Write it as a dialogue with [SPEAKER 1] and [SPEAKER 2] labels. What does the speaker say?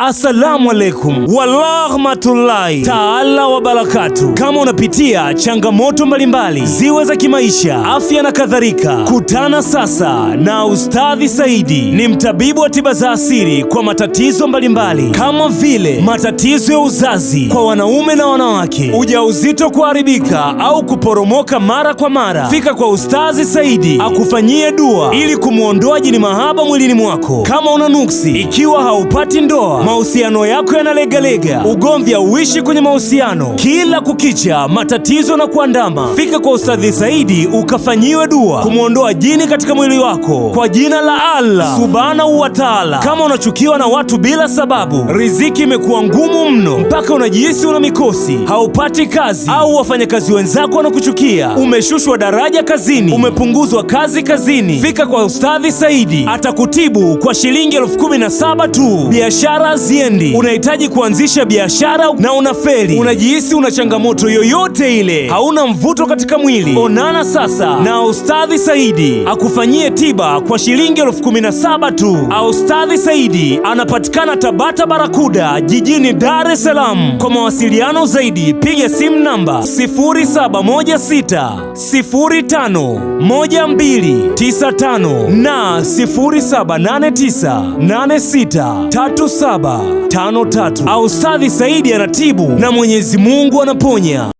[SPEAKER 1] Assalamu mm. alaikum warahmatullahi taala wabarakatu. Kama unapitia changamoto mbalimbali ziwe za kimaisha, afya na kadhalika, kutana sasa na Ustadhi Saidi. Ni mtabibu wa tiba za asili kwa matatizo mbalimbali mbali, kama vile matatizo ya uzazi kwa wanaume na wanawake, ujauzito kuharibika au kuporomoka mara kwa mara. Fika kwa Ustadhi Saidi akufanyie dua ili kumwondoa jini mahaba mwilini mwako. Kama una nuksi, ikiwa haupati ndoa mahusiano yako yanalegalega, ugomvi hauishi kwenye mahusiano, kila kukicha matatizo na kuandama, fika kwa Ustadhi Saidi ukafanyiwe dua kumwondoa jini katika mwili wako kwa jina la Allah subhanahu wa taala. Kama unachukiwa na watu bila sababu, riziki imekuwa ngumu mno mpaka unajihisi una mikosi, haupati kazi au wafanyakazi wenzako wanakuchukia, umeshushwa daraja kazini, umepunguzwa kazi kazini, fika kwa Ustadhi Saidi atakutibu kwa shilingi elfu kumi na saba tu. Biashara haziendi, unahitaji kuanzisha biashara na unafeli, unajihisi una changamoto yoyote ile, hauna mvuto katika mwili, onana sasa na Ustadhi Saidi akufanyie tiba kwa shilingi elfu kumi na saba tu. Ustadhi Saidi anapatikana Tabata Barakuda, jijini Dar es Salaam. Kwa mawasiliano zaidi piga simu namba 0716051295 na saba saba tano tatu. Ausadhi Saidi anatibu na Mwenyezi Mungu anaponya.